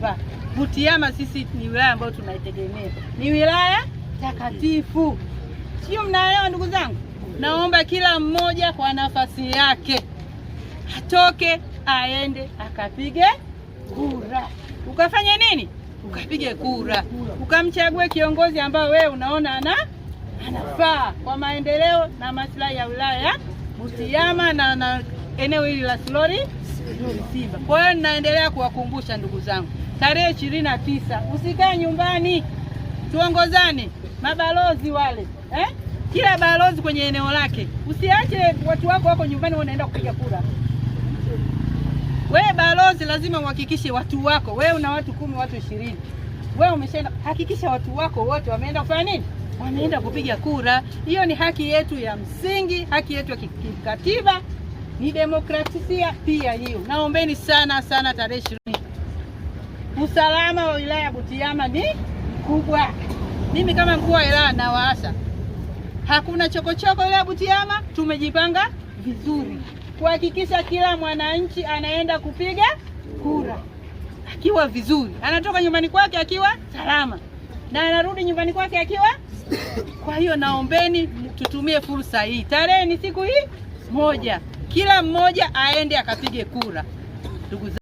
Simba. Butiama sisi ni wilaya ambayo tunaitegemea, ni wilaya takatifu, sio? Mnaelewa ndugu zangu? Naomba kila mmoja kwa nafasi yake atoke aende akapige kura. Ukafanye nini? Ukapige kura, ukamchague kiongozi ambayo wewe unaona ana anafaa kwa maendeleo na maslahi ya wilaya Butiama na, na eneo hili la Slori Simba. Kwa hiyo ninaendelea kuwakumbusha ndugu zangu tarehe ishirini na tisa. Usikae nyumbani, tuongozane mabalozi wale eh? Kila balozi kwenye eneo lake, usiache watu wako wako nyumbani wanaenda kupiga kura. Wewe balozi lazima uhakikishe watu wako, wewe una watu kumi, watu ishirini, wewe umeshaenda, hakikisha watu wako wote wameenda kufanya nini? Wameenda kupiga kura. Hiyo ni haki yetu ya msingi, haki yetu ya kikatiba, ni demokrasia pia hiyo. Naombeni sana sana tarehe ishirini Usalama wa wilaya ya Butiama ni kubwa. Mimi kama mkuu wa wilaya waasa, hakuna chokochoko wilaya ya Butiama. Tumejipanga vizuri kuhakikisha kila mwananchi anaenda kupiga kura akiwa vizuri, anatoka nyumbani kwake akiwa salama na anarudi nyumbani kwake akiwa. Kwa hiyo naombeni tutumie fursa hii, tarehe ni siku hii moja, kila mmoja aende akapige kura, ndugu